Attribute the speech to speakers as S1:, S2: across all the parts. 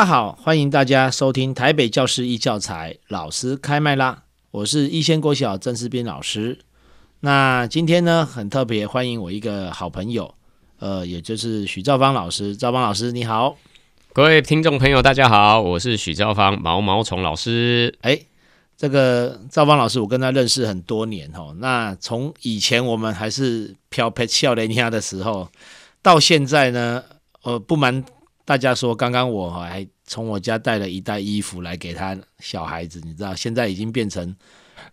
S1: 大、啊、家好，歡迎大家收聽台北教師一教材老師開麥啦，我是逸仙國小鄭世彬老師。那今天呢，很特別，歡迎我一個好朋友，呃，也就是許兆芳老師。兆芳老師你好，
S2: 各位聽眾朋友大家好，我是許兆芳毛
S1: 毛蟲老師。哎，這個兆芳老師，我跟他認識很多年哦。那從以前我們還是飄拍笑連蝦的時候，到現在呢，呃，不瞞。大家說，剛剛我還從我家帶了一袋衣服來給他小孩子，你知道，現在已經變成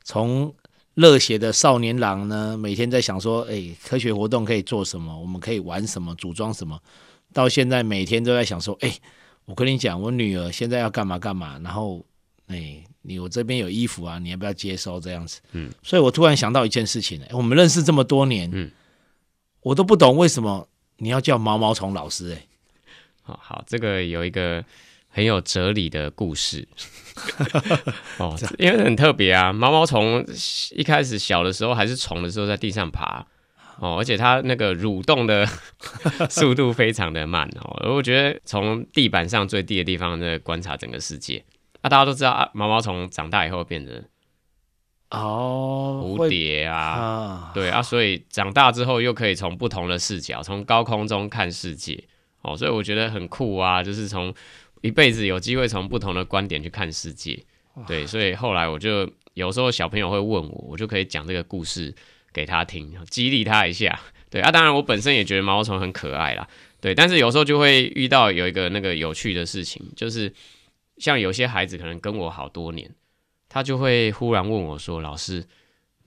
S1: 從熱血的少年郎呢，每天在想說，哎、欸，科學活動可以做什麼？我們可以玩什麼？組裝什麼？到現在每天都在想說，哎、欸，我跟你講，我女兒現在要幹嘛幹嘛？然後，哎、欸，你我這邊有衣服啊，你要不要接收？這樣子，嗯，所以我突然想到一件事情，哎，我們認識這麼多年，嗯，我都不懂為什麼你要叫毛毛蟲老師、欸，哎。
S2: 哦、好，這個有一個很有哲理的故事 哦， 因為很特別啊。毛毛蟲一開始小的時候還是蟲的時候，在地上爬哦，而且它那個蠕動的 速度非常的慢哦。而我覺得從地板上最低的地方在觀察整個世界啊，大家都知道啊，毛毛蟲長大以後變成哦，蝴蝶啊，啊對啊，所以長大之後又可以從不同的視角，從高空中看世界。所以我覺得很酷啊，就是從一輩子有機會從不同的觀點去看世界，對，所以後來我就有時候小朋友會問我，我就可以講這個故事給他聽，激勵他一下，對啊。當然我本身也覺得毛毛蟲很可愛啦，對，但是有時候就會遇到有一個那個有趣的事情，就是像有些孩子可能跟我好多年，他就會忽然問我說，老師。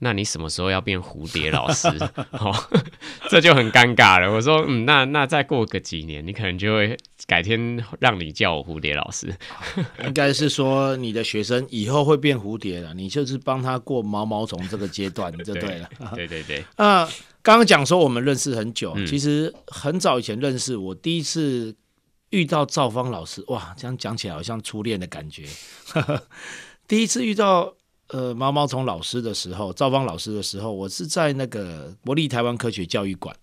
S2: 那你什麼時候要變蝴蝶老師？好、 哦，這就很尷尬了。我說，嗯，那那再過個幾年，你可能就會改天讓你叫我蝴蝶老師。
S1: 應該是說你的學生以後會變蝴蝶了，你就是幫他過毛毛蟲這個階段，就對了 對。對對對。那、啊、剛剛講說我們認識很久，嗯、其實很早以前認識。我第一次遇到兆芳老師，哇，這樣講起來好像初戀的感覺。 第一次遇到。呃，毛毛蟲老師的時候，兆芳老師的時候，我是在那個國立台灣科學教育館。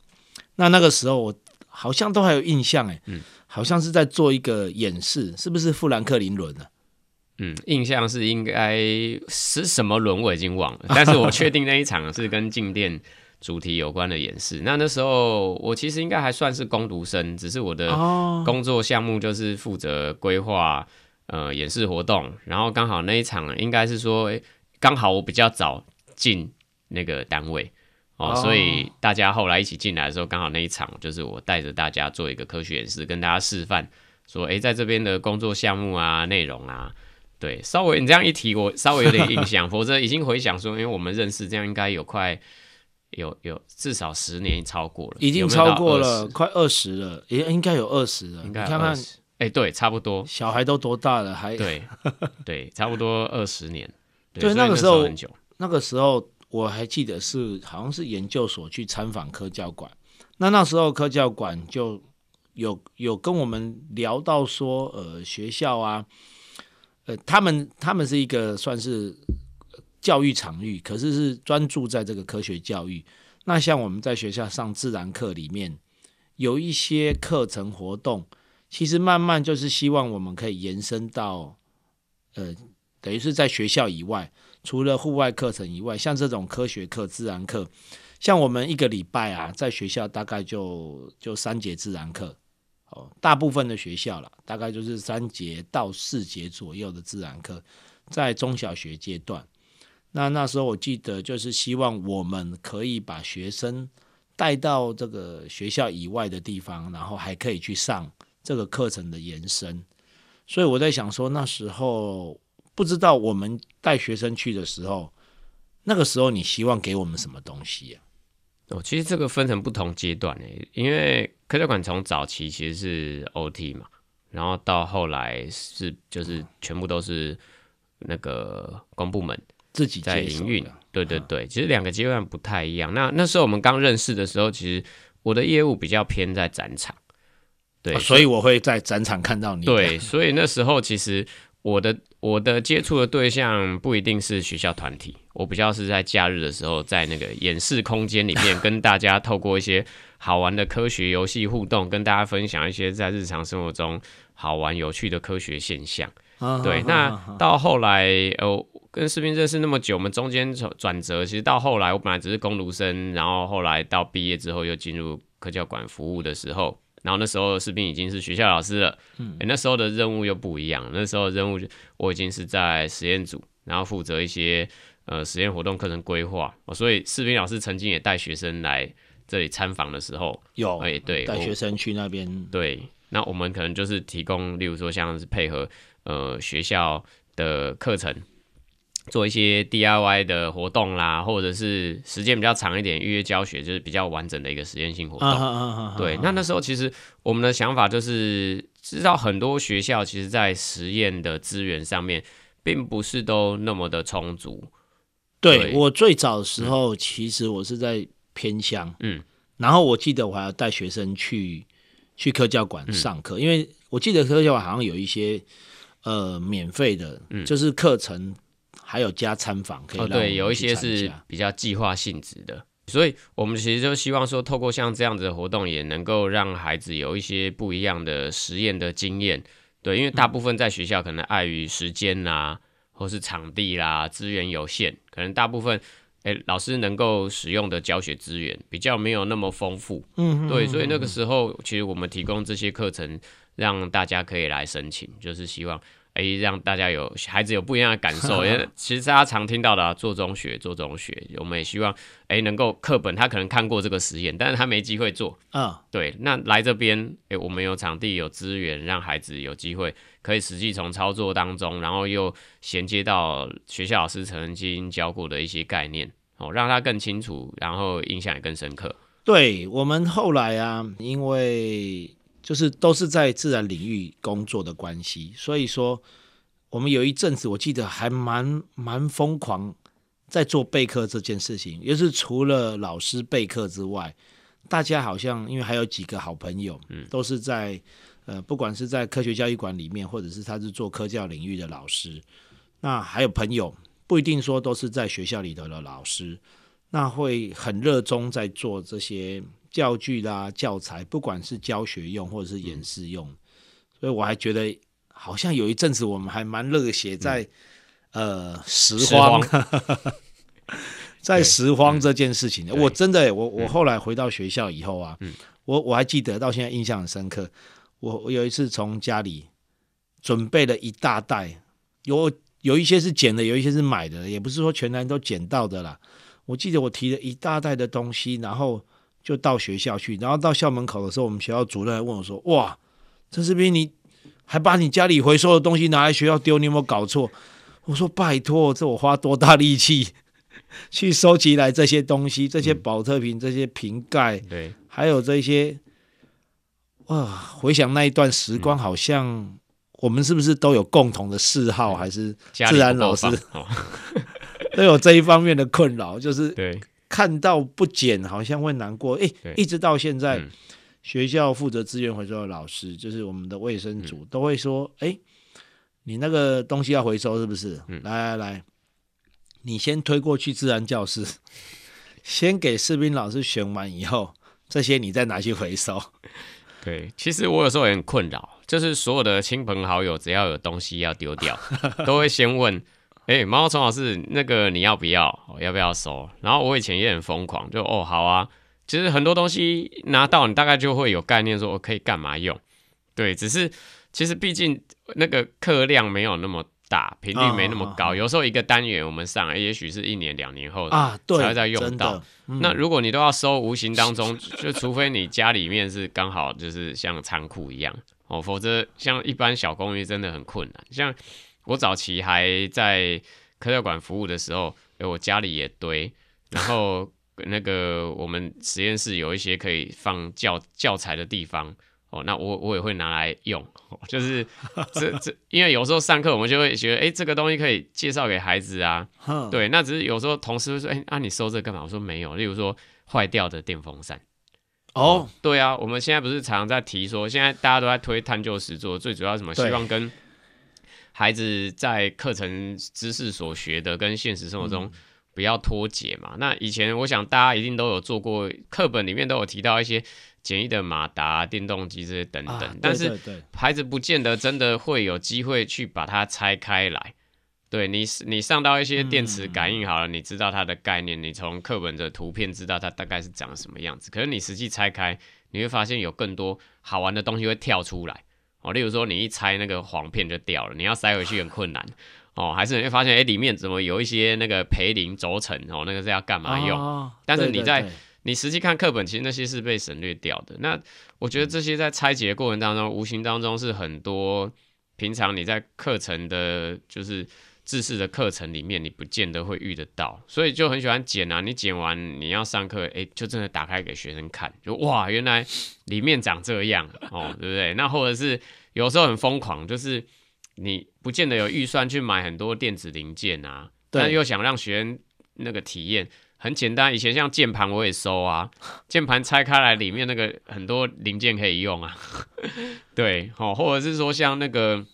S1: 那那個時候我好像都還有印象，哎，嗯，好像是在做一個演示，是不是富蘭克林輪呢？啊？嗯，
S2: 印象是應該是什麼輪，我已經忘了，但是我確定那一場是跟靜電主題有關的演示。 那那時候我其實應該還算是工讀生，只是我的工作項目就是負責規劃呃演示活動，然後剛好那一場應該是說。欸剛好我比較早進那個單位、oh. 哦，所以大家後來一起進來的時候，剛好那一場就是我帶着大家做一個科學演示，跟大家示範說：“哎，在這邊的工作項目啊，內容啊，對，稍微你這樣一提，我稍微有點印象， 否則已經回想說，因為我們認識，這樣應該有快有有，有至少十年超過了，已經超過了，有
S1: 有快二十了，也應該有二十了。應該有20，你看看，哎，對，差不多。小孩都多大了？還對
S2: 對，差不多二十年。 就是那個時候，那時
S1: 候，那個時候我還記得是好像是研究所去參訪科教館。那那時候科教館就有有跟我們聊到說，呃，學校啊，呃，他們他們是一個算是教育場域，可是是專注在這個科學教育。那像我們在學校上自然課裡面有一些課程活動，其實慢慢就是希望我們可以延伸到，呃。等於是在學校以外，除了戶外課程以外，像這種科學課、自然課，像我們一個禮拜啊，在學校大概就就三節自然課，哦，大部分的學校啦，大概就是三節到四節左右的自然課，在中小學階段。那那時候我記得就是希望我們可以把學生帶到這個學校以外的地方，然後還可以去上這個課程的延伸。所以我在想說那時候。不知道我們帶學生去的時候，那個時候你希望給我們什麼東西、啊、哦，其實這個分成不同階段、欸、因為科學館從早期
S2: 其實是 OT 嘛，然後到後來是就是全部都是那個公部門、嗯、自己在營運。對對對，嗯、其實兩個階段不太一樣。那那時候我們剛認識的時候，其實我的業務比較偏在展場，對，啊、所以我會
S1: 在展場看到你。對，
S2: 所以那時候其實。我的我的接觸的對象不一定是學校團體，我比較是在假日的時候，在那個演示空間裡面跟大家透過一些好玩的科學遊戲互動， 跟大家分享一些在日常生活中好玩有趣的科學現象。 對， 那到後來，哦、呃，跟世彬認識那麼久，我們中間轉轉折，其實到後來我本來只是工讀生，然後後來到畢業之後又進入科教館服務的時候。然後那時候，世彬已經是學校老師了。嗯，那時候的任務又不一樣。那時候的任務就，我已經是在實驗組，然後負責一些呃實驗活動課程規劃。哦，所以世彬老師曾經也帶學生來這裡參訪的時候，有哎對，帶學
S1: 生去那邊。對，
S2: 那我們可能就是提供，例如說像是配合呃學校的課程，做一些 DIY 的活動啦，或者是時間比較長一點，預約教學就是比較完整的一個實驗性活動。啊啊啊、對，那、啊、那時候其實我們的想法就是，知道很多學校其實在實驗的資源上面，並不是都那麼的充足。對，對
S1: 我最早的時候，其實我是在偏鄉嗯，然後我記得我還要帶學生去去科教館上課、嗯，因為我記得科教館好像有一些呃免費的、嗯，就是課程。還有加參訪，可以、哦、對，有一些是
S2: 比較計劃性質的，所以我們其實就希望說，透過像這樣子的活動，也能夠讓孩子有一些不一樣的實驗的經驗。對，因為大部分在學校可能礙於時間啦、啊嗯，或是場地啦、啊，資源有限，可能大部分、欸、老師能夠使用的教學資源比較沒有那麼豐富。嗯哼嗯哼，對，所以那個時候其實我們提供這些課程，讓大家可以來申請，就是希望。哎、欸，讓大家有孩子有不一樣的感受。呵呵。因為其實大家常聽到的啊，做中學，做中學。我們也希望哎、欸，能夠課本他可能看過這個實驗，但是他沒機會做。嗯，對。那來這邊哎、欸，我們有場地，有資源，讓孩子有機會可以實際從操作當中，然後又銜接到學校老師曾經教過的一些概念哦，讓他更清楚，然後印象也更深刻。
S1: 對，我們後來啊，因為。就是都是在自然領域工作的關係，所以說我們有一陣子，我記得還蠻蠻瘋狂在做備課這件事情。也是除了老師備課之外，大家好像因為還有幾個好朋友，嗯，都是在呃，不管是在科學教育館裡面，或者是他是做科教領域的老師，那還有朋友不一定說都是在學校裡頭的老師，那會很熱衷在做這些。教具啦、啊、教材，不管是教學用或者是演示用，嗯、所以我還覺得好像有一陣子我們還蠻熱血在，在、嗯、呃拾荒，荒 在拾荒這件事情，我真的、欸，我我後來回到學校以後啊，我我還記得到現在印象很深刻。嗯、我有一次從家裡準備了一大袋，有有一些是撿的，有一些是買的，也不是說全然都撿到的啦。我記得我提了一大袋的東西，然後。就到學校去，然後到校門口的時候，我們學校主任還問我說：“哇，鄭世彬，你還把你家裡回收的東西拿來學校丟？你有沒有搞錯？”我說：“拜託，這我花多大力氣去收集來這些東西，這些寶特瓶、嗯、這些瓶蓋，還有這些……哇，回想那一段時光，好像我們是不是都有共同的嗜好？嗯、還是自然老師
S2: 包
S1: 包 都有這一方面的困擾？就是看到不撿，好像會難過。哎，一直到現在、嗯，學校負責資源回收的老師，就是我們的衛生組，嗯、都會說：“哎，你那個東西要回收是不是？嗯、來來來，你先推過去自然教室，先給世彬老師選完以後，這些你再拿去回收。”對，其實我
S2: 有時候也很困擾，就是所有的親朋好友，只要有東西要丟掉， 都會先問。哎、欸，毛毛蟲老師，那個你要不要、哦？要不要收？然後我以前也很瘋狂，就哦好啊。其實很多東西拿到，你大概就會有概念，說我可以幹嘛用。對，只是其實畢竟那個課量沒有那麼大，頻率沒那麼高、啊。有時候一個單元我們上，欸、也許是一年、兩年後啊，才會再用到、啊嗯。那如果你都要收，無形當中就除非你家裡面是剛好就是像倉庫一樣哦，否則像一般小公寓真的很困難。像。我早期還在科教館服務的時候，哎、欸，我家裡也堆，然後那個我們實驗室有一些可以放教教材的地方哦，那我我也會拿來用，哦、就是這這，因為有時候上課我們就會覺得，哎、欸，這個東西可以介紹給孩子啊，對，那只是有時候同事會說，哎、欸，那、啊、你收這幹嘛？我說沒有，例如說壞掉的電風扇，哦，oh. 對啊，我們現在不是常常在提說，現在大家都在推探究實作，最主要是什麼？希望跟孩子在課程知識所學的跟現實生活中不要脫節嘛、嗯。那以前我想大家一定都有做過，課本裡面都有提到一些簡易的馬達、啊、電動機這些等等、啊對對對，但是孩子不見得真的會有機會去把它拆開來。對，你你上到一些電池感應好了，嗯、你知道它的概念，你從課本的圖片知道它大概是長什麼樣子，可是你實際拆開，你會發現有更多好玩的東西會跳出來。哦，例如說你一拆那個簧片就掉了，你要塞回去很困難。 哦，還是你會發現哎、欸，裡面怎麼有一些那個培林軸承？哦，那個是要幹嘛用、哦？但是你在，對對對，你實際看課本，其實那些是被省略掉的。那我覺得這些在拆解的過程當中，嗯、無形當中是很多平常你在課程的，就是。製式的課程裡面，你不見得會遇得到，所以就很喜歡撿啊。你撿完，你要上課，誒、欸，就真的打開給學生看，就哇，原來裡面長這樣哦，對不對？那或者是有時候很瘋狂，就是你不見得有預算去買很多電子零件啊，但又想讓學生那個體驗，很簡單。以前像鍵盤，我也收啊，鍵盤拆開來，裡面那個很多零件可以用啊，對，哦，或者是說像那個。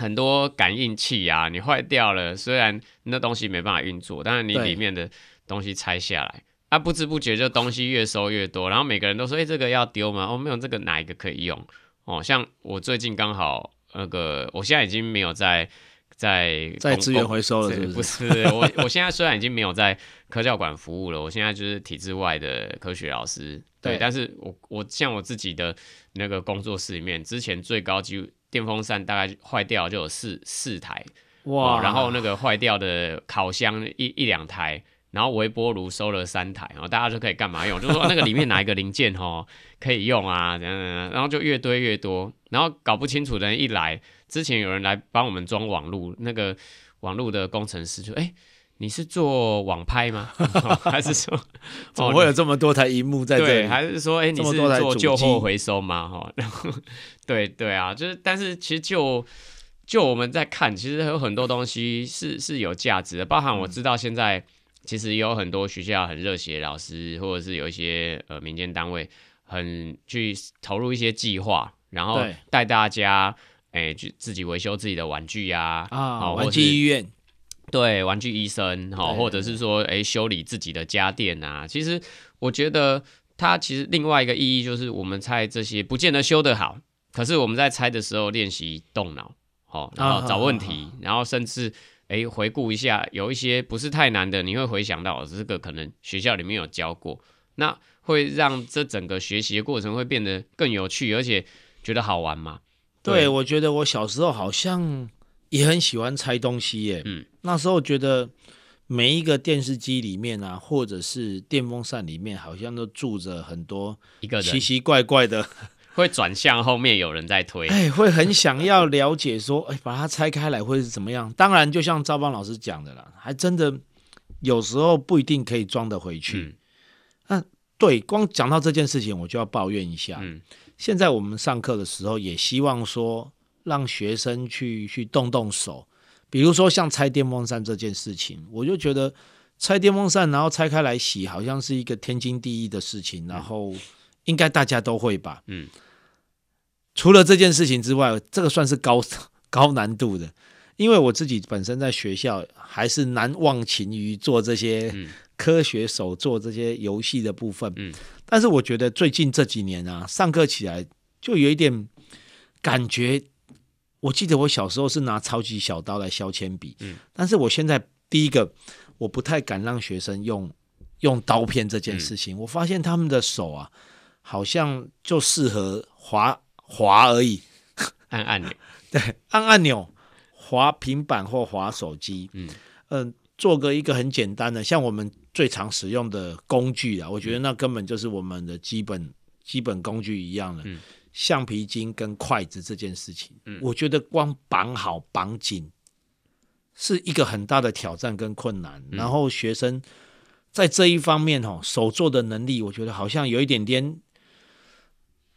S2: 很多感應器啊，你壞掉了，雖然那東西沒辦法運作，但是你裡面的東西拆下來，啊，不知不覺就東西越收越多。然後每個人都說：“哎、欸，這個要丟嗎？”哦，沒有，這個哪一個可以用？哦，像我最近剛好那個，我現在已經沒有在在在資源回收了，是不是？ 不是，我我現在雖然已經沒有在科教館服務了，我現在就是體制外的科學老師。對，對，但是我我像我自己的那個工作室裡面，之前最高就。電風扇大概壞掉就有四四台，哇、wow. 哦！然後那個壞掉的烤箱一一兩台，然後微波爐收了三台，然後大家就可以幹嘛用？ 就是說那個裡面哪一個零件哦可以用啊，怎樣怎樣，然後就越堆越多，然後搞不清楚的人一來，之前有人來幫我們裝網路，那個網路的工程師就哎。誒你是做網拍嗎？ 還是說，
S1: 怎麼會有這麼多台熒幕在這裡？對還是說，哎、欸，你是做舊貨回收嗎？哈 ，
S2: 對對啊，就是，但是其實就就我們在看，其實有很多東西是是有價值的，包含我知道現在、嗯、其實也有很多學校很熱血的老師，或者是有一些呃民間單位很去投入一些計劃，然後帶大家哎、欸、就自己維修自己的玩具呀啊，啊、哦，玩具醫院。對，玩具醫生，哈，或者是說，哎，修理自己的家電啊，啊。其實我覺得它其實另外一個意義就是，我們拆這些不見得修得好，可是我們在拆的時候練習動腦，哦，然後找問題，啊、然後甚至哎回顧一下，有一些不是太難的，你會回想到這個可能學校裡面有教過，那會讓這整個學習的過程會變得更有趣，而且覺得好玩嘛。對，對
S1: 我覺得我小時候好像。也很喜歡拆東西耶。嗯，那時候覺得每一個電視機裡面啊，或者是電風扇裡面，好像都住着很多奇奇怪怪的，會轉，向後面有人在推啊。哎，會很想要了解說， 哎，把它拆開來會是怎麼樣？當然，就像兆芳老師講的啦，還真的有時候不一定可以裝得回去。嗯，那對，光講到這件事情，我就要抱怨一下。嗯，現在我們上課的時候，也希望說。讓學生去去動動手，比如說像拆電風扇這件事情，我就覺得拆電風扇，然後拆開來洗，好像是一個天經地義的事情，嗯，然後應該大家都會吧？嗯。除了這件事情之外，這個算是高高難度的，因為我自己本身在學校還是難忘情於做這些科學手做這些遊戲的部分。嗯。但是我覺得最近這幾年啊，上課起來就有一點感覺。我記得我小時候是拿超級小刀來削鉛筆，嗯，但是我現在第一個我不太敢讓學生用用刀片這件事情，嗯。我發現他們的手啊，好像就適合滑滑而已，按按鈕， 對，按按鈕，滑平板或滑手機，嗯嗯，呃，做個一個很簡單的，像我們最常使用的工具啊，我覺得那根本就是我們的基本基本工具一樣的，嗯。橡皮筋跟筷子這件事情，嗯、我覺得光綁好，綁緊是一個很大的挑戰跟困難，嗯。然後學生在這一方面哦，手做的能力，我覺得好像有一點點，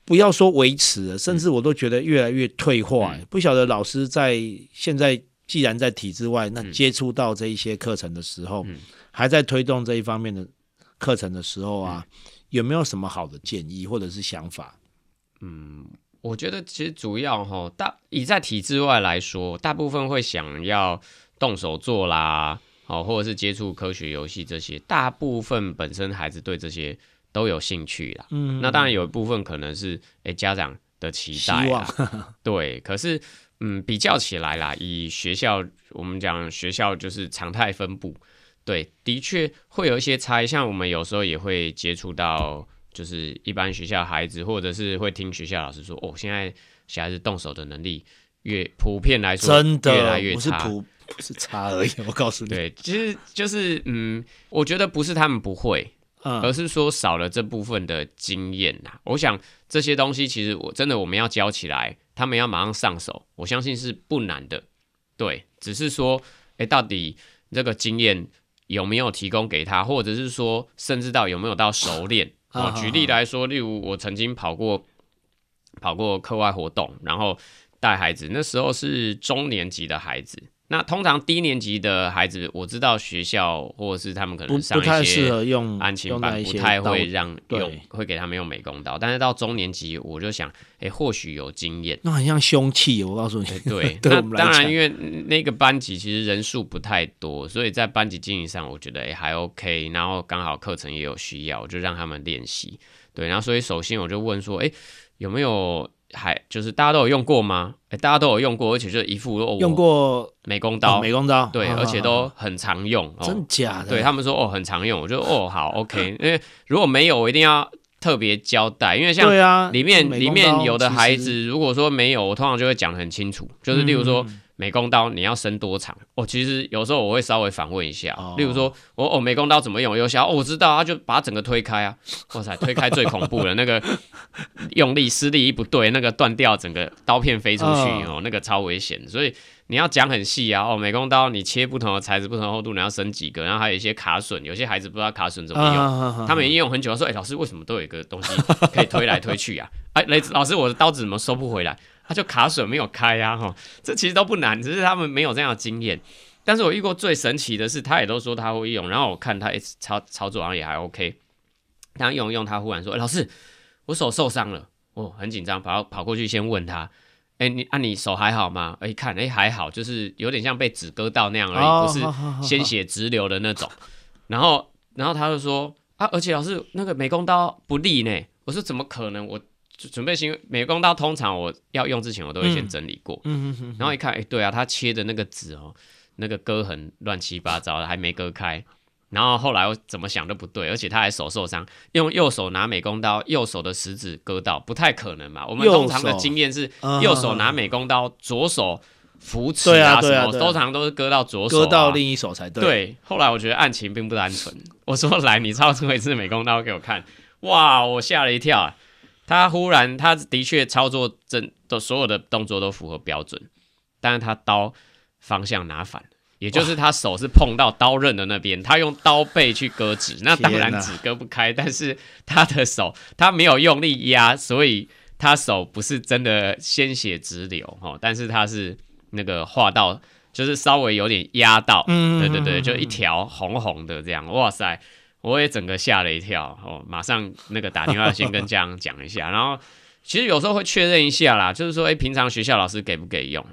S1: 不要說維持了，嗯，甚至我都覺得越來越退化，嗯。不曉得老師在現在既然在體制外，嗯、那接觸到這一些課程的時候，嗯，還在推動這一方面的課程的時候啊，嗯、有沒有什麼好的建議或者是想法？嗯，我
S2: 覺得其實主要哈，大以在體制外來說，大部分會想要動手做啦，好，或者是接觸科學遊戲這些，大部分本身孩子對這些都有興趣啦。嗯，那當然有一部分可能是哎，欸，家長的期待啦，對，可是嗯比較起來啦，以學校我們講學校就是常態分布，對，的確會有一些差異，像我們有時候也會接觸到。就是一般學校孩子，或者是會聽學校老師說哦，現在小孩子動手的能力越普遍來說，真的越來越差，不是普不是差而已。我告訴你， 對，其實就是、就是、嗯，我覺得不是他們不會，嗯，而是說少了這部分的經驗吶。我想這些東西其實我真的我們要教起來，他們要馬上上手，我相信是不難的。對，只是說哎、欸，到底這個經驗有沒有提供給他，或者是說甚至到有沒有到熟練？ 哦，舉例來說，例如我曾經跑過，跑過課外活動，然後帶孩子，那時候是中年級的孩子。那通常低年級的孩子，我知道學校或者是他們可能上一些不，不太適合用安全版，不太會讓用，會給他們用美工刀。但是到中年級，我就想，哎、欸，或許有經驗。
S1: 那很像兇器，我告訴你。對，對 對，那當然，
S2: 因為那個班級其實人數不太多，所以在班級經營上，我覺得、欸、還 OK。然後剛好課程也有需要，我就讓他們練習。對，然後所以首先我就問說，哎、欸，有沒有？還就是大家都有用過嗎？哎、欸，大家都有用過，而且就一副、哦、用過美工刀，哦、美工刀對好好好，而且都很常用，哦、真假的？對他們說哦，很常用，我就哦好，OK，因為如果沒有我一定要特別交代，因為像對啊，裡面裡面有的孩子如果說沒有，我通常就會講得很清楚，就是例如說。嗯美工刀你要伸多長？我、oh, 其實有時候我會稍微反問一下，oh. 例如說我說哦，美工刀怎麼用？我有想哦，我知道，啊，就把它整個推開啊！哇塞，推開最恐怖了， 那個用力施力一不對，那個斷掉，整個刀片飛出去。oh. 哦，那個超危險。所以你要講很細啊！哦，美工刀你切不同的材質、不同的厚度，你要伸幾個？然後還有一些卡榫，有些孩子不知道卡榫怎麼用，oh. 他們已經用很久，說哎、欸，老師為什麼都有一個東西可以推來推去啊？ 哎，雷子老師，我的刀子怎麼收不回來？他就卡水沒有開呀、啊，哈，這其實都不難，只是他們沒有這樣的經驗。但是我遇過最神奇的是，他也都說他會用，然後我看他、欸、操操作好像也還 OK。然後用用，他忽然說、欸：“老師，我手受傷了。哦”我很緊張，跑跑過去先問他：“哎、欸，你啊，你手還好嗎？”一、欸、看，哎、欸，還好，就是有點像被紙割到那樣而已，不是鮮血直流的那種。Oh, oh, oh, oh. 然後，然後他就說：“啊，而且老師那個美工刀不利呢。”我說：“怎麼可能？我。”準備行美工刀，通常我要用之前，我都會先整理過。嗯嗯嗯，嗯。然後一看，哎，對啊，他切的那個紙哦，那個割痕亂七八糟的，還沒割開。然後後來我怎麼想都不對，而且他還手受傷，用右手拿美工刀，右手的食指割到，不太可能嘛。我們通常的經驗是右手拿美工刀，嗯、左手扶持啊，對啊，對啊，對啊，對啊什麼，通常都是割到左手，啊，割到另一手才對。對。後來我覺得案情並不單純。我說：“來，你操作一次美工刀給我看。”哇，我嚇了一跳，啊。他忽然，他的確操作真，所有的動作都符合標準，但是他刀方向拿反，也就是他手是碰到刀刃的那邊，他用刀背去割紙，那當然紙割不開，啊、但是他的手他沒有用力壓，所以他手不是真的鮮血直流哦。但是他是那個劃到，就是稍微有點壓到，對對對，就一條紅紅的這樣，哇塞！我也整個嚇了一跳哦，馬上那個打電話先跟家長講一下， 然後其實有時候會確認一下啦，就是說，哎，平常學校老師給不給用？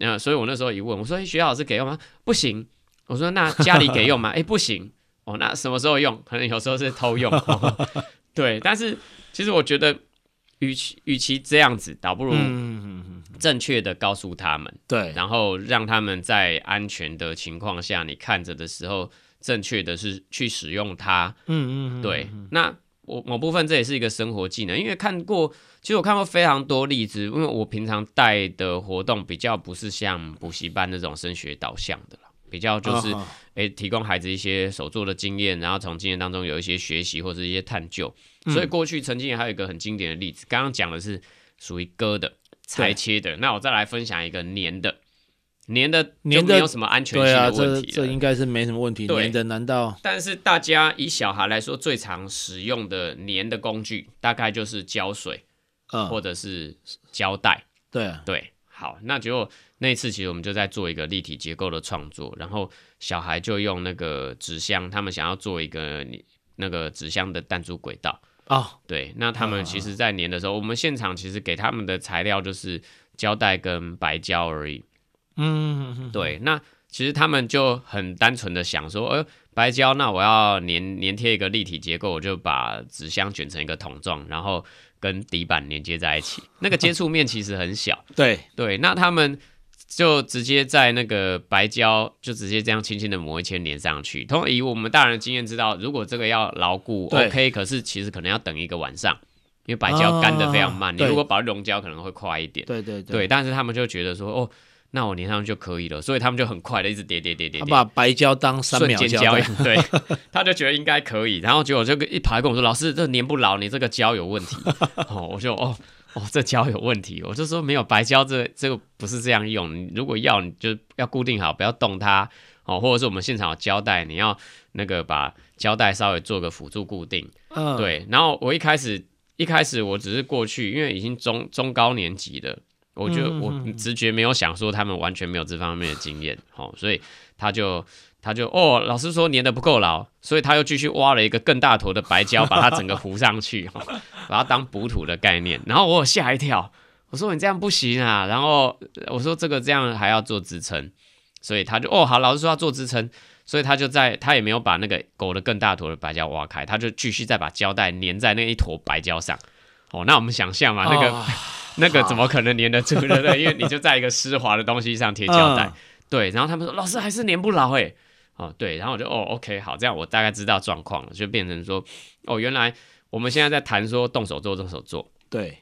S2: 嗯、呃，所以我那時候一問，我說，哎，學校老師給用嗎？不行。我說，那家裡給用嗎？哎， 不行。哦，那什麼時候用？可能有時候是偷用。 哦、對，但是其實我覺得，與、與其與其這樣子，倒不如正確的告訴他們、嗯，對，然後讓他們在安全的情況下，你看着的時候。正確的是去使用它，嗯嗯，嗯，對。那我某部分這也是一個生活技能，因為看過，其實我看過非常多例子，因為我平常帶的活動比較不是像補習班那種升學導向的，比較就是哎、哦欸、提供孩子一些手作的經驗，然後從經驗當中有一些學習或是一些探究。所以過去曾經還有一個很經典的例子，剛剛講的是屬於割的、裁切的，那我再來分享一個黏的。粘的粘的有什麼安全性的問題？這
S1: 應該是沒什麼問題。粘的難道？
S2: 但是大家以小孩來說，最常使用的粘的工具，大概就是膠水，或者是膠帶。對啊，對，好，那就那一次其實我們就在做一個立體結構的創作，然後小孩就用那個紙箱，他們想要做一個那個紙箱的彈珠軌道哦，對，那他們其實，在粘的時候，我們現場其實給他們的材料就是膠帶跟白膠而已。
S1: 嗯哼哼，
S2: 對，那其實他們就很單純的想說，哎、呃，白膠，那我要粘粘貼一個立體結構，我就把紙箱捲成一個桶狀，然後跟底板連接在一起。那個接觸面其實很小，呵呵對對。那他們就直接在那個白膠，就直接這樣輕輕的抹一圈粘上去。同以我們大人的經驗知道，如果這個要牢固，OK，可是其實可能要等一個晚上，因為白膠乾得非常慢，啊。你如果把溶膠可能會快一點，對對，對對。對，但是他們就覺得說，哦。那我粘上就可以了，所以他們就很快的一直疊疊疊疊疊。他把
S1: 白膠當三秒膠，對，
S2: 他就覺得應該可以，然後結果我就一排跟我說：“ 老師，這粘不牢，你這個膠有問題。 ”哦，我就哦哦，這膠有問題，我就說沒有白膠、這個，這這個不是這樣用。如果要，你就要固定好，不要動它。哦，或者是我們現場有膠帶，你要那個把膠帶稍微做個輔助固定。嗯，對。然後我一開始一開始我只是過去，因為已經中中高年級了。我覺得我直覺沒有想說他們完全沒有這方面的經驗、嗯哦，所以他就他就哦，老師說粘的不夠牢，所以他又繼續挖了一個更大坨的白膠， 把它整個糊上去，哦、把它當補土的概念。然後我嚇一跳，我說你這樣不行啊，然後我說這個這樣還要做支撐，所以他就哦好，老師說要做支撐，所以他就在他也沒有把那個狗的更大坨的白膠挖開，他就繼續再把膠帶粘在那一坨白膠上。哦，那我們想象嘛、哦、那個。那個怎麼可能粘得住？對不對？因為你就在一個濕滑的東西上貼膠帶。嗯、對，然後他們說：“老師還是粘不牢。哦”哎，對，然後我就哦，OK，好，這樣我大概知道狀況了，就變成說：“哦，原來我們現在在談說動手做，動手做。”對，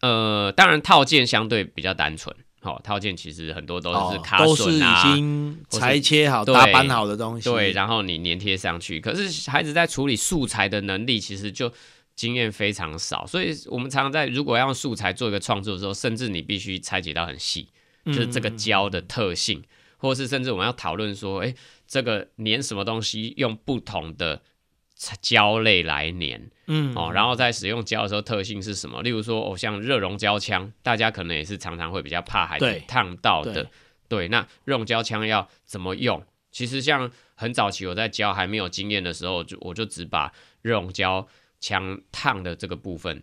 S2: 呃，當然套件相對比較單純，哦，套件其實很多都是卡榫、啊哦、都是已經裁切好、都搭板好的東西。對，然後你粘貼上去，可是孩子在處理素材的能力其實就，經驗非常少，所以我們常常在如果要用素材做一個創作的時候，甚至你必須拆解到很細，就是這個膠的特性，嗯，或是甚至我們要討論說，哎、欸，這個粘什麼東西用不同的膠類來粘，嗯，哦，然後在使用膠的時候特性是什麼？例如說，哦，像熱熔膠槍，大家可能也是常常會比較怕孩子燙到的，對，對對，那熱熔膠槍要怎麼用？其實像很早期我在膠還沒有經驗的時候，我就我就只把熱熔膠，牆燙的這個部分，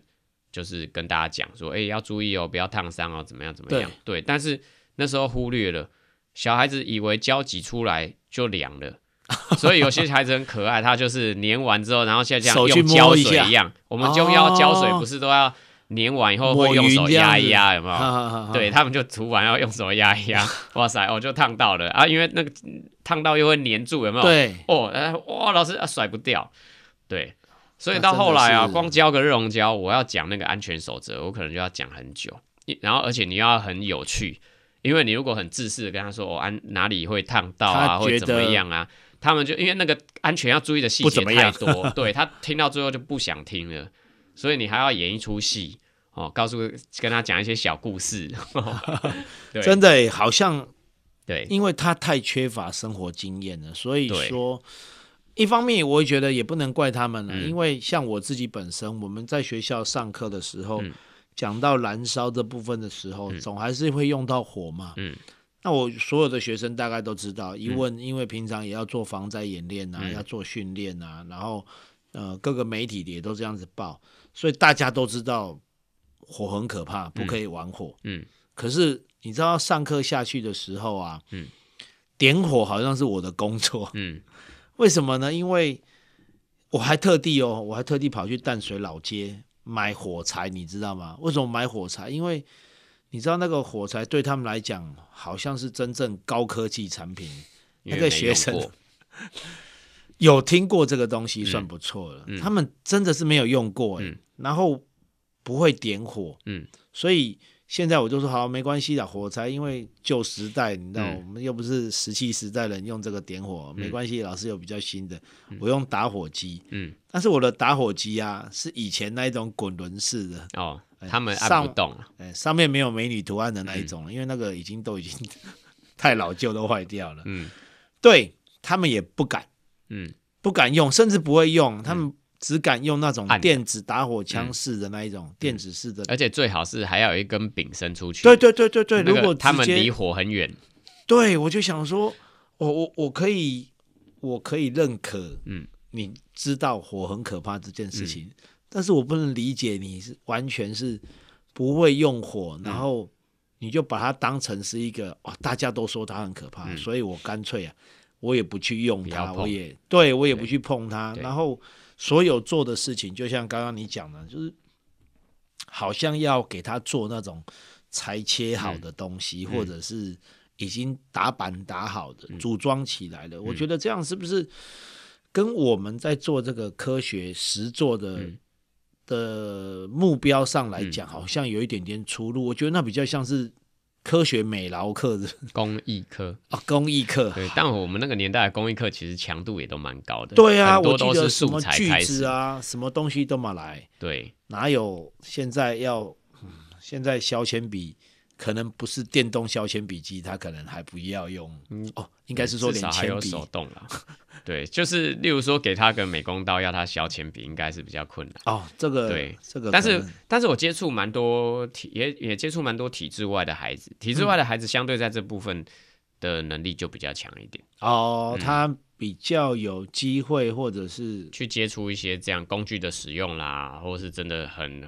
S2: 就是跟大家講說，哎、欸，要注意哦，不要燙傷哦，怎麼樣怎麼樣？對？對，但是那時候忽略了，小孩子以為膠擠出來就涼了， 所以有些孩子很可愛，他就是粘完之後，然後現在這樣用膠水一樣，我們就要膠水，不是都要粘完以後會用手壓一壓，有沒有？ 對他們就塗完要用手壓一壓。 哇塞，我、哦、就燙到了啊！因為那個燙到又會粘住，有沒有？對，哦，哎、哇，老師啊，甩不掉，對。所以到後來啊，光教個熱熔膠，我要講那個安全守則，我可能就要講很久。然後，而且你要很有趣，因為你如果很自私的跟他說我、哦、安哪裡會燙到啊，或者怎麼樣啊，他們就因為那個安全要注意的細節太多，對，他聽到最後就不想聽了。所以你還要演一出戲哦，告訴跟他講一些小故事，啊 哦、 對笑真
S1: 的、欸、好像對，因為他太缺乏生活經驗了，所以說。一方面，我也覺得也不能怪他們了，嗯，因為像我自己本身，我們在學校上課的時候，嗯，講到燃燒這部分的時候，嗯，總還是會用到火嘛。嗯，那我所有的學生大概都知道，一問，嗯，因為平常也要做防災演練啊，嗯，要做訓練啊，然後呃，各個媒體也都這樣子報，所以大家都知道火很可怕，不可以玩火。嗯，嗯，可是你知道上課下去的時候啊，嗯，點火好像是我的工作。嗯。為什麼呢？因為我還特地哦、喔，我還特地跑去淡水老街買火柴，你知道嗎？為什麼買火柴？因為你知道那個火柴對他們來講，好像是真正高科技產品。那個學生 有聽過這個東西算不錯了，嗯嗯，他們真的是沒有用過，欸嗯，然後不會點火，嗯，所以。現在我就說好，沒關係的。火柴因為舊時代，你知道、嗯，我們又不是石器時代人用這個點火，嗯、沒關係。老師有比較新的，嗯、我用打火機。嗯，但是我的打火機啊，是以前那一種滾輪式的。哦、欸，他們按不動。哎、欸，上面沒有美女圖案的那一種、嗯、因為那個已經都已經太老舊，都壞掉了。嗯，對，他們也不敢，嗯，不敢用，甚至不會用，嗯、他們。只敢用那種電子打火槍式的那一種電子式的,的、嗯，而且
S2: 最好是還要有一根柄伸出去。對對
S1: 對對對，那個、如果他們離火很遠，對我就想說，我我我可以，我可以認可，嗯，你知道火很可怕這件事情、嗯嗯，但是我不能理解你是完全是不會用火，嗯、然後你就把它當成是一個哇，大家都說它很可怕，嗯、所以我乾脆啊，我也不去用它，我也對我也不去碰它，然後。所有做的事情，就像剛剛你講的，就是好像要給他做那種裁切好的東西，嗯、或者是已經打板打好的、嗯、組裝起來的、嗯。我覺得這樣是不是跟我們在做這個科學實作的、嗯、的目標上來講，好像有一點點出入？嗯、我覺得那比較像是。科學、美勞課的工藝課
S2: 啊，工藝課對，但我們那個年代的工藝課其實強度也都蠻高的，對啊，很多都是素材開始
S1: 啊，什麼東西都買來，對，哪有現在要，嗯、現在削鉛筆可能不是電動削鉛筆機，它可能還不要用，嗯、哦，應該是說連鉛筆手
S2: 動了。 對，就是例如說，給他個美工刀，要他削鉛筆，應該是比較困難哦。這個對，這個。但是，但是我接觸蠻多體，也也接觸蠻多體制外的孩子。體制外的孩子，相對在這部分的能力就比較強一點。哦，嗯、他
S1: 比較有機會，或者是
S2: 去接觸一些這樣工具的使用啦，或是真的很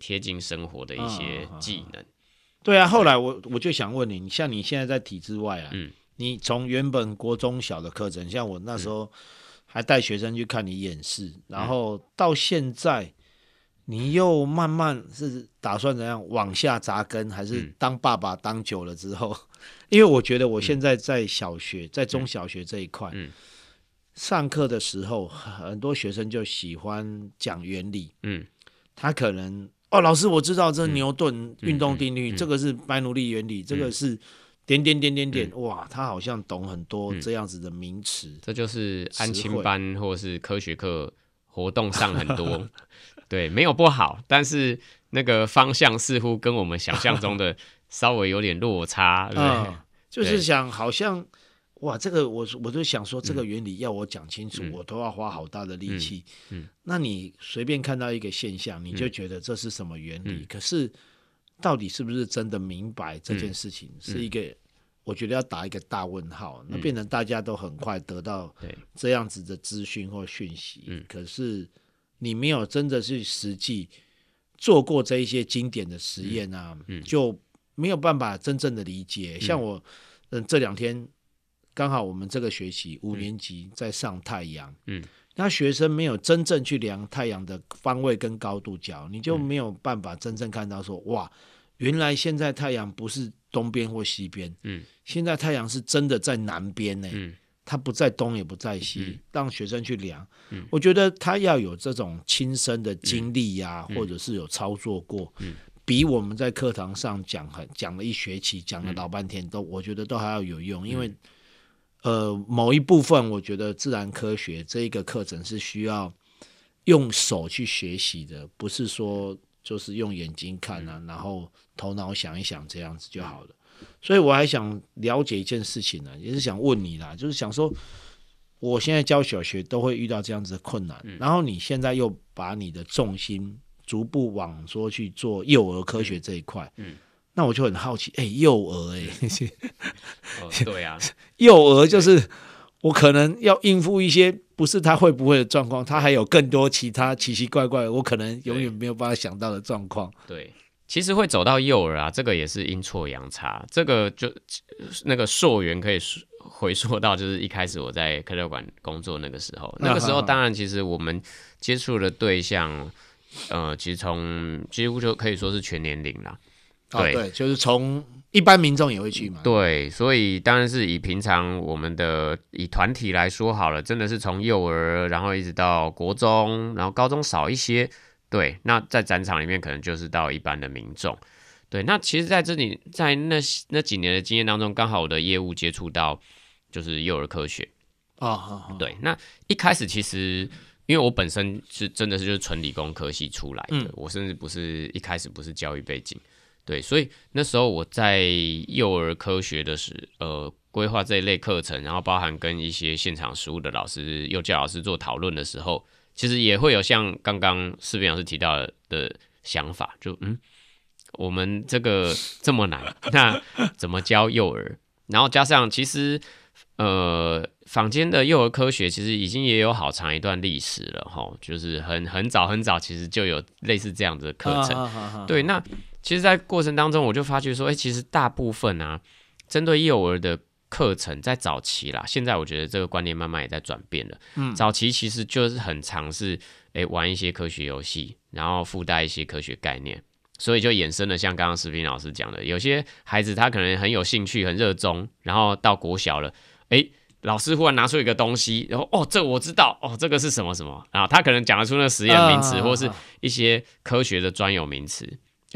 S2: 貼近生活的一些技能。哦哦哦哦、
S1: 技能。對啊。後來我我就想問你，你像你現在在體制外啊？嗯。你從原本國中小的課程，像我那時候還帶學生去看你演示，嗯，然後到現在，你又慢慢是打算怎樣往下扎根，還是當爸爸當久了之後？嗯、因為我覺得我現在在小學，嗯、在中小學這一塊，嗯嗯、上課的時候很多學生就喜歡講原理，嗯，他可能哦，老師我知道這牛頓運動定律，嗯嗯嗯嗯、這個是白努利原理，嗯、這個是。點點點點點、嗯，哇！他好像懂很多這樣子的名詞、嗯。這就是安親班
S2: 或是科學課活動上很多， 對，沒有不好，但是那個方向似乎跟我們想象中的稍微有點落差。 對、呃，就是
S1: 想好像哇，這個我我就想說這個原理要我講清楚、嗯，我都要花好大的力氣、嗯嗯。嗯，那你隨便看到一個現象，你就覺得這是什麼原理？嗯、可是。到底是不是真的明白這件事情是一個？嗯嗯、我覺得要打一個大問號、嗯。那變成大家都很快得到這樣子的資訊或訊息、嗯，可是你沒有真的去實際做過這一些經典的實驗啊、嗯嗯，就沒有辦法真正的理解。嗯、像我，嗯，這兩天剛好我們這個學期五、嗯、年級在上太陽，嗯。嗯那學生沒有真正去量太陽的方位跟高度角，你就沒有辦法真正看到說，嗯、哇，原來現在太陽不是東邊或西邊，嗯，現在太陽是真的在南邊呢、欸，他、嗯、它不在東也不在西，嗯、讓學生去量、嗯，我覺得他要有這種親身的經歷呀，或者是有操作過，嗯、比我們在課堂上講很講了一學期講了老半天都，我覺得都還要有用，因為。呃，某一部分，我覺得自然科學這一個課程是需要用手去學習的，不是說就是用眼睛看啊，嗯、然後頭腦想一想這樣子就好了。嗯、所以我還想了解一件事情呢、啊，也是想問你啦，就是想說，我現在教小學都會遇到這樣子的困難，嗯、然後你現在又把你的重心逐步往說去做幼兒科學這一塊，嗯。嗯那我就很好奇，哎、欸，幼兒、欸，哎、 哦，對呀、啊，幼兒就是我可能要應付一些不是他會不會的狀況，他還有更多其他奇奇怪怪，我可能永遠沒有辦法想到的狀況。對，對
S2: 其實會走到幼兒啊，這個也是陰錯陽差，這個就那個溯源可以回溯到就是一開始我在科學館工作那個時候，啊、好好那個時候當然其實我們接觸的對象，呃，其實從幾乎就可以說是全年齡啦。對、哦、對，
S1: 就是從一般民眾也會去
S2: 嘛。對，所以當然是以平常我們的以團體來說好了，真的是從幼兒，然後一直到國中，然後高中少一些。對，那在展場裡面可能就是到一般的民眾。對，那其實在這裡，在那那幾年的經驗當中，剛好我的業務接觸到就是幼兒科學。啊、哦哦、對，那一開始其實因為我本身是真的是就是純理工科系出來的，嗯、我甚至不是一開始不是教育背景。對，所以那時候我在幼兒科學的時候，呃，規劃這一類課程，然後包含跟一些現場實務的老師、幼教老師做討論的時候，其實也會有像剛剛世彬老師提到的，的想法，就嗯，我們這個這麼難，那怎麼教幼兒？ 然後加上其實，呃，坊間的幼兒科學其實已經也有好長一段歷史了，哈，就是很很早很早，其實就有類似這樣子的課程，oh, oh, oh, oh. 對，那。其實，在過程當中，我就發覺說，哎、欸，其實大部分啊，針對幼兒的課程，在早期啦，現在我覺得這個觀念慢慢也在轉變了。嗯，早期其實就是很嘗試，哎、欸，玩一些科學遊戲，然後附帶一些科學概念，所以就衍生了像剛剛世彬老師講的，有些孩子他可能很有興趣、很熱衷，然後到國小了，哎、欸，老師忽然拿出一個東西，然後哦，這我知道，哦，這個是什麼什麼，然後他可能講得出那實驗名詞、啊、或是一些科學的專有名詞。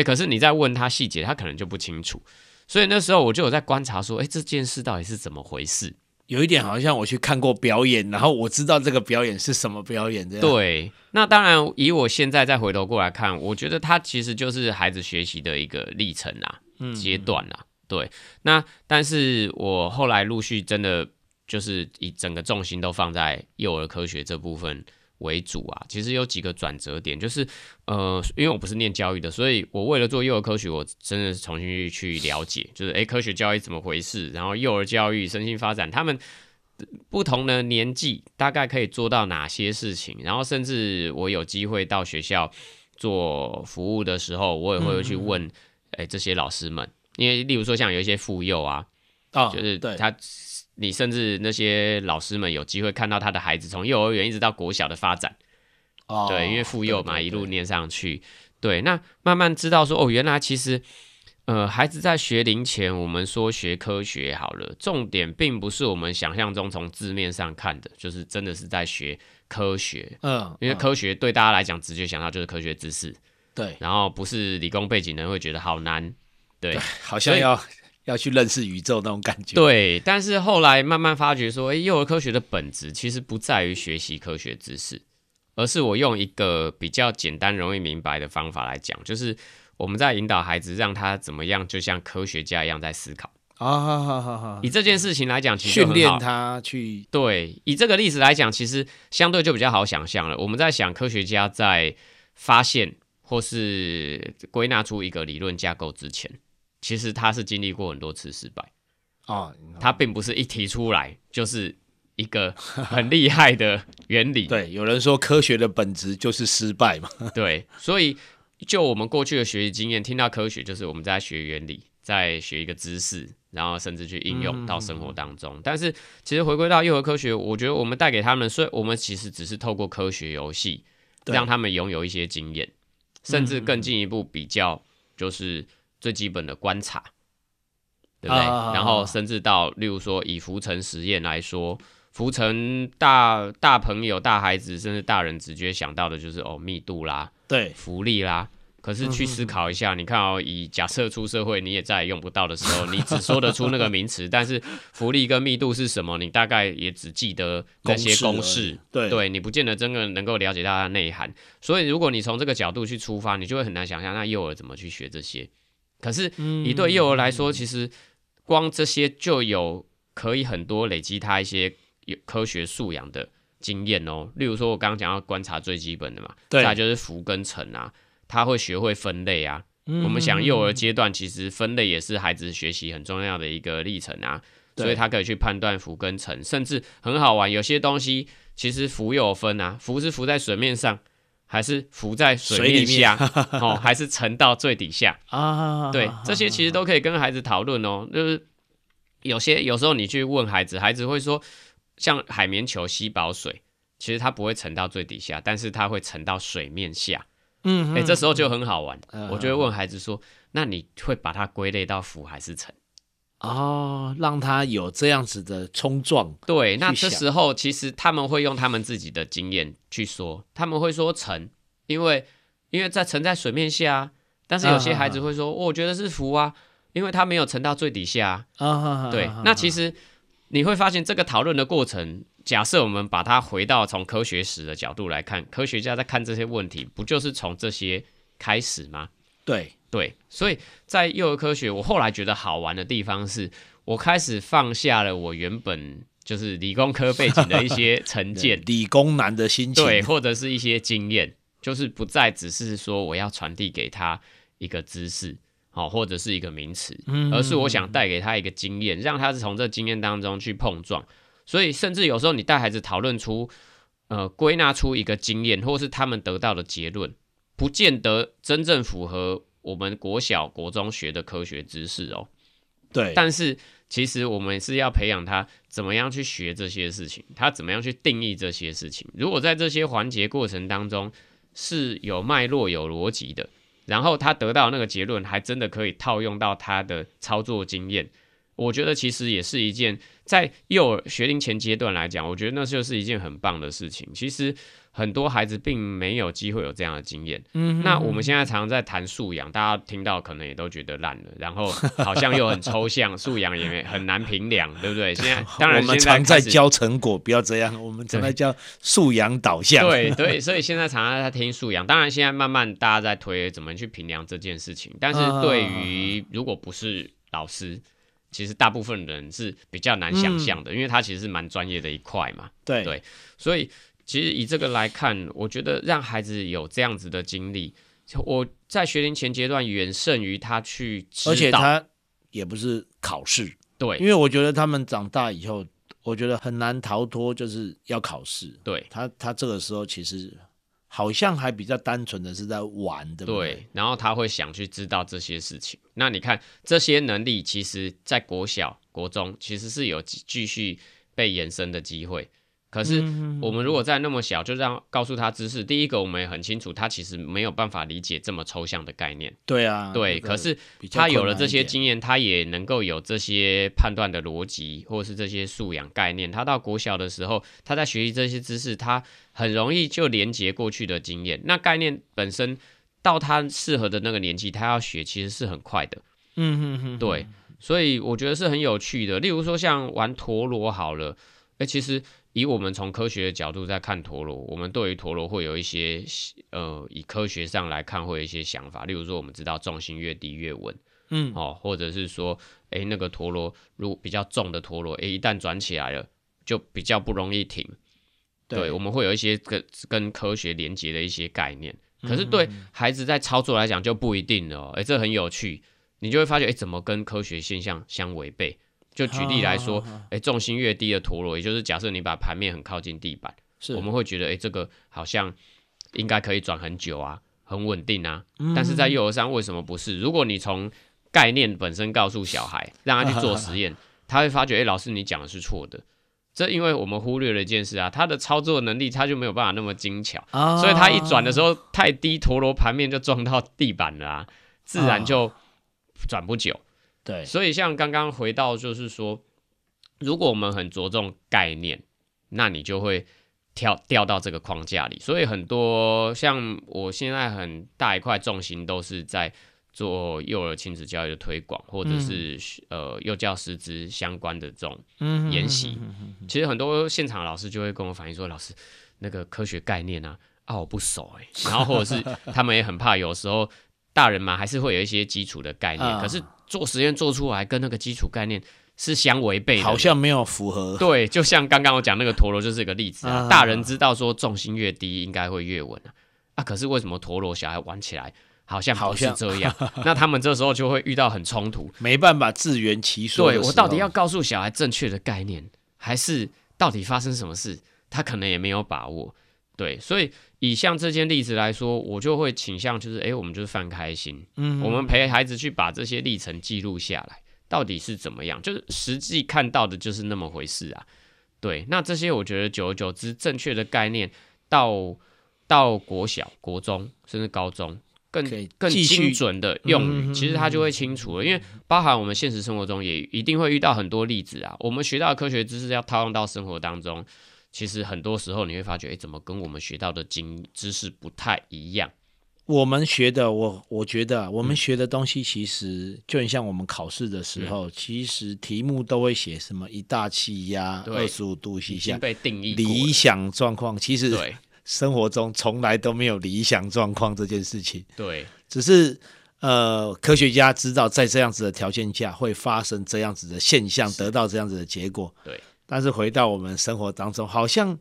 S2: 可是你在問他細節，他可能就不清楚。所以那時候我就有在觀察，說，哎，這件事到底是怎麼回事？有一點好像我去看
S1: 過表演，然後我知道這個表演是什麼表演，這樣。對，
S2: 那當然，以我現在再回頭過來看，我覺得他其實就是孩子學習的一個歷程啊，嗯、階段啊。對，那但是我後來陸續真的就是以整個重心都放在幼兒科學這部分。為主啊，其實有幾個轉折點，就是，呃，因為我不是念教育的，所以我為了做幼兒科學，我真的是重新去去了解，就是哎，科學教育怎麼回事，然後幼兒教育、身心發展，他們不同的年紀大概可以做到哪些事情，然後甚至我有機會到學校做服務的時候，我也會去問，哎， 這些老師們，因為例如說像有一些附幼啊。Oh, 就是他對，你甚至那些老師們有機會看到他的孩子從幼兒園一直到國小的發展，
S1: 哦、oh,，對，因為
S2: 附幼嘛對對對對，一路念上去，對，那慢慢知道說，哦，原來其實，呃，孩子在學齡前，我們說學科學好了，重點並不是我們想象中從字面上看的，就是真的是在學科學，嗯、oh,，因為科學對大家來講、嗯，直接想到就是科學知識，對，然後不是理工背景的人會覺得好難，對，對好像要。
S1: 要去認識宇宙那種感覺。
S2: 對，但是後來慢慢發覺說，哎，幼兒科學的本質其實不在於學習科學知識，而是我用一個比較簡單、容易明白的方法來講，就是我們在引導孩子，讓他怎麼樣，就像科學家一樣在思考。
S1: 哦、好好好，以
S2: 這件事情來講，其實訓練他去對。以這個例子來講，其實相對就比較好想象了。我們在想科學家在發現或是歸納出一個理論架構之前。其實他是經歷過很多次失敗，啊、
S1: oh, no.，他
S2: 並不是一提出來就是一個很厲害的原理。 對，有人說科學的本質就是失敗嘛。對，所以就我們過去的學習經驗，聽到科學就是我們在學原理，在學一個知識，然後甚至去應用到生活當中。嗯、但是其實回歸到幼兒科學，我覺得我們帶給他們，所以我們其實只是透過科學遊戲，讓他們擁有一些經驗，甚至更進一步比較，就是。最基本的觀察，對不對？啊、然後甚至到，例如說，以浮沉實驗來說，浮沉大大朋友、大孩子甚至大人直接想到的就是哦，密度啦，對，浮力啦。可是去思考一下，嗯，你看哦，以假設出社會你也再也用不到的時候，嗯，你只說得出那個名詞， 但是浮力跟密度是什麼？你大概也只記得那些公式，公式，對，對你不見得真的能夠了解到它的內涵。所以，如果你從這個角度去出發，你就會很難想象，那幼兒怎麼去學這些？可是，你對幼兒來說，其實光這些就有可以很多累積他一些有科學素養的經驗哦。例如說，我剛剛講要觀察最基本的嘛，對啊，就是浮跟沉啊，他會學會分類啊。我們想，幼兒階段其實分類也是孩子學習很重要的一個歷程啊，所以他可以去判斷浮跟沉，甚至很好玩，有些東西其實浮有分啊，浮是浮在水面上。還是浮在水面下，底下哦， 還是沉到最底下 對， 這些其實都可以跟孩子討論哦。就是有些有時候你去問孩子，孩子會說，像海綿球吸飽水，其實它不會沉到最底下，但是它會沉到水面下。嗯、 欸，這時候就很好玩， 我就會問孩子說，那你會把它歸類到浮
S1: 還是沉？哦、oh，讓他有這樣子的衝撞。
S2: 對，那這時候其實他們會用他們自己的經驗去說，他們會說沉，因為因為在沉在水面下。但是有些孩子會說、uh, huh, huh. 哦，我覺得是浮啊，因為他沒有沉到最底下。啊、uh,
S1: huh，huh, 對。Huh, huh, huh, huh. 那
S2: 其實你會發現這個討論的過程，假設我們把它回到從科學史的角度來看，科學家在看這些問題，不就是從這些開始嗎？對。對，所以在幼兒科學，我後來覺得好玩的地方是，我開始放下了我原本就是理工科背景的一些成見， 理工男的心情，對，或者是一些經驗，就是不再只是說我要傳遞給他一個知識，好，或者是一個名詞，嗯，而是我想帶給他一個經驗，讓他是從這經驗當中去碰撞。所以，甚至有時候你帶孩子討論出，呃，歸納出一個經驗，或是他們得到的結論，不見得真正符合。我們國小、國中學的科學知識哦，
S1: 對，但
S2: 是其實我們是要培養他怎麼樣去學這些事情，他怎麼樣去定義這些事情。如果在這些環節過程當中是有脈絡、有邏輯的，然後他得到那個結論，還真的可以套用到他的操作經驗。我覺得其實也是一件在幼兒學齡前階段來講，我覺得那就是一件很棒的事情。其實。很多孩子並沒有機會有這樣的經驗，嗯。那我們現在常常在談素養，大家聽到可能也都覺得爛了，然後好像又很抽象， 素養也很難評量，對不對？現在當然在我們常在教
S1: 成果，不要這樣。我們常在教素養導向？對對，對，
S2: 所以現在常常在聽素養。 當然，現在慢慢大家在推怎麼去評量這件事情。但是，對於如果不是老師，嗯，其實大部分人是比較難想象的，嗯，因為他其實是蠻專業的一塊嘛。對對，所以。其實以這個來看，我覺得讓孩子有這樣子的經歷，我在學齡前階段遠勝於他去，而且他
S1: 也不是考試，對，因為我覺得他們長大以後，我覺得很難逃脫就是要考試。對，他他這個時候其實好像還比較單純的是在玩的，對，
S2: 然後他會想去知道這些事情。那你看這些能力，其實，在國小、國中，其實是有繼續被延伸的機會。可是我們如果在那麼小就這樣告訴他知識，第一個我們也很清楚，他其實沒有辦法理解這麼抽象的概念。
S1: 對啊，對。可是他有了這些
S2: 經驗，他也能夠有這些判斷的邏輯，或是這些素養概念。他到國小的時候，他在學習這些知識，他很容易就連接過去的經驗。那概念本身到他適合的那個年紀，他要學其實是很快的。嗯嗯嗯，對。所以我覺得是很有趣的。例如說像玩陀螺好了，哎，其實。以我們從科學的角度在看陀螺，我們對於陀螺會有一些呃，以科學上來看會有一些想法。例如說，我們知道重心越低越穩，嗯，好，哦，或者是說，誒，那個陀螺，如果比較重的陀螺，誒，一旦轉起來了，就比較不容易停。對，對我們會有一些跟跟科學連接的一些概念，可是對孩子在操作來講就不一定了哦。誒，這很有趣，你就會發覺，誒，怎麼跟科學現象相違背？就舉例來說，誒、oh, oh, oh, oh. 欸，重心越低的陀螺，也就是假設你把盤面很靠近地板，是我們會覺得，誒、欸，這個好像應該可以轉很久啊，很穩定啊，嗯。但是在幼兒上為什麼不是？如果你從概念本身告訴小孩， 讓他去做實驗，oh, oh, oh, oh, oh. 他會發覺，誒、欸，老師你講的是錯的。這因為我們忽略了一件事啊，他的操作能力他就沒有辦法那麼精巧，oh, 所以他一轉的時候、oh. 太低，陀螺盤面就撞到地板了啊，自然就轉不久。對，所以像剛剛回到，就是說，如果我們很着重概念，那你就會跳掉到這個框架裡。所以很多像我現在很大一塊重心都是在做幼兒親子教育的推廣，或者是、嗯、呃幼教師資相關的這種研習。嗯、哼哼哼哼哼哼哼，其實很多現場老師就會跟我反映說，老師那個科學概念啊，啊我不熟哎、欸， 然後或者是他們也很怕，有時候。大人嘛，還是會有一些基礎的概念，啊，可是做實驗做出來跟那個基礎概念是相違背的，好像
S1: 沒有符合。對，
S2: 就像剛剛我講那個陀螺就是一個例子啊。大人知道說重心越低應該會越穩啊，可是為什麼陀螺小孩玩起來好像不是這樣？那他們這時候就會遇到很衝突，沒辦法
S1: 自圓其說。對我到底要
S2: 告訴小孩正確的概念，還是到底發生什麼事？他可能也沒有把握。對，所以。以像這件例子來說，我就會傾向就是，哎，我們就是放開心，嗯，我們陪孩子去把這些歷程記錄下來，到底是怎麼樣，就是實際看到的就是那麼回事啊。對，那這些我覺得久而久之，正確的概念到到國小、國中甚至高中，更更精準的用語，其實他就會清楚了，嗯哼嗯哼，因為包含我們現實生活中也一定會遇到很多例子啊。我們學到的科學知識要套用到生活當中。其實很多時候你會發覺，哎，怎麼跟我們學到的知知識不太一樣？
S1: 我們學的，我我覺得我們學的東西其實、嗯、就很像我們考試的時候，嗯、其實題目都會寫什麼一大氣壓，二十五度以下被定義理想狀況。其實生活中從來都沒有理想狀況這件事情。對，只是呃，科學家知道在這樣子的條件下會發生這樣子的現象，得到這樣子的結果。對。但是回到我們生活當中，好像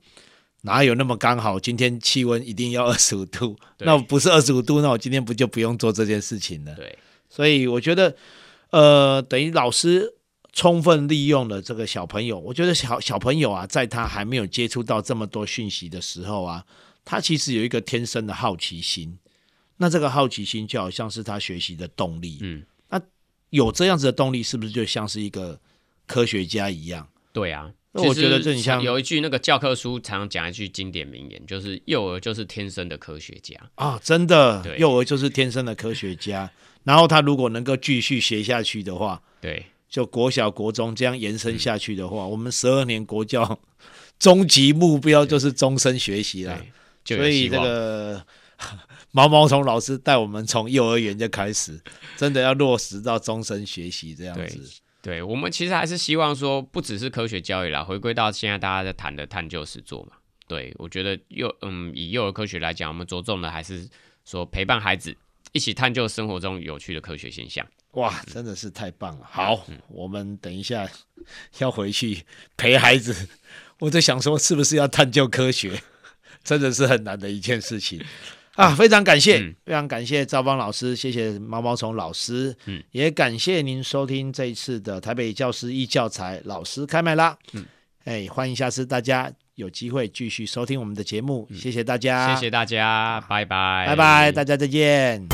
S1: 哪有那麼剛好？今天氣溫一定要二十五度，那我不是二十五度，那我今天不就不用做這件事情了？對，所以我覺得，呃，等於老師充分利用了這個小朋友。我覺得小小朋友啊，在他還沒有接觸到這麼多訊息的時候啊，他其實有一個天生的好奇心。那這個好奇心就好像是他學習的動力。嗯，那有這樣子的動力，是不是就像是一個科學家一樣？對啊，那我覺得正像
S2: 有一句那個教科書常常講一句經典名言，就是幼兒就是天生的科學家
S1: 啊，真的，幼兒就是天生的科學家。然後他如果能夠繼續學下去的話，對，就國小國中這樣延伸下去的話，嗯、我們十二年國教終極目標就是終身學習了。所以這個毛毛蟲老師帶我們從幼兒園就開始，真的要落實到終身學習這樣子。對，我們其實還是
S2: 希望說，不只是科學教育啦，回歸到現在大家在談的探究實作嘛。對，我覺得幼，嗯，以幼兒科學來講，我們着重的還是說陪伴孩子一起探究生活中有趣的科學現象。
S1: 哇，真的是太棒了！嗯、好、嗯，我們等一下要回去陪孩子，我在想說是不是要探究科學，真的是很難的一件事情。 啊，非常感謝，嗯、非常感謝兆芳老師，謝謝毛毛蟲老師，嗯，也感謝您收聽這一次的台北教師一教材老師開麥啦，嗯、哎，歡迎下次大家有機會繼續收聽我們的節目，嗯，謝謝大家，謝謝
S2: 大家，拜拜，拜拜，
S1: 大家再見。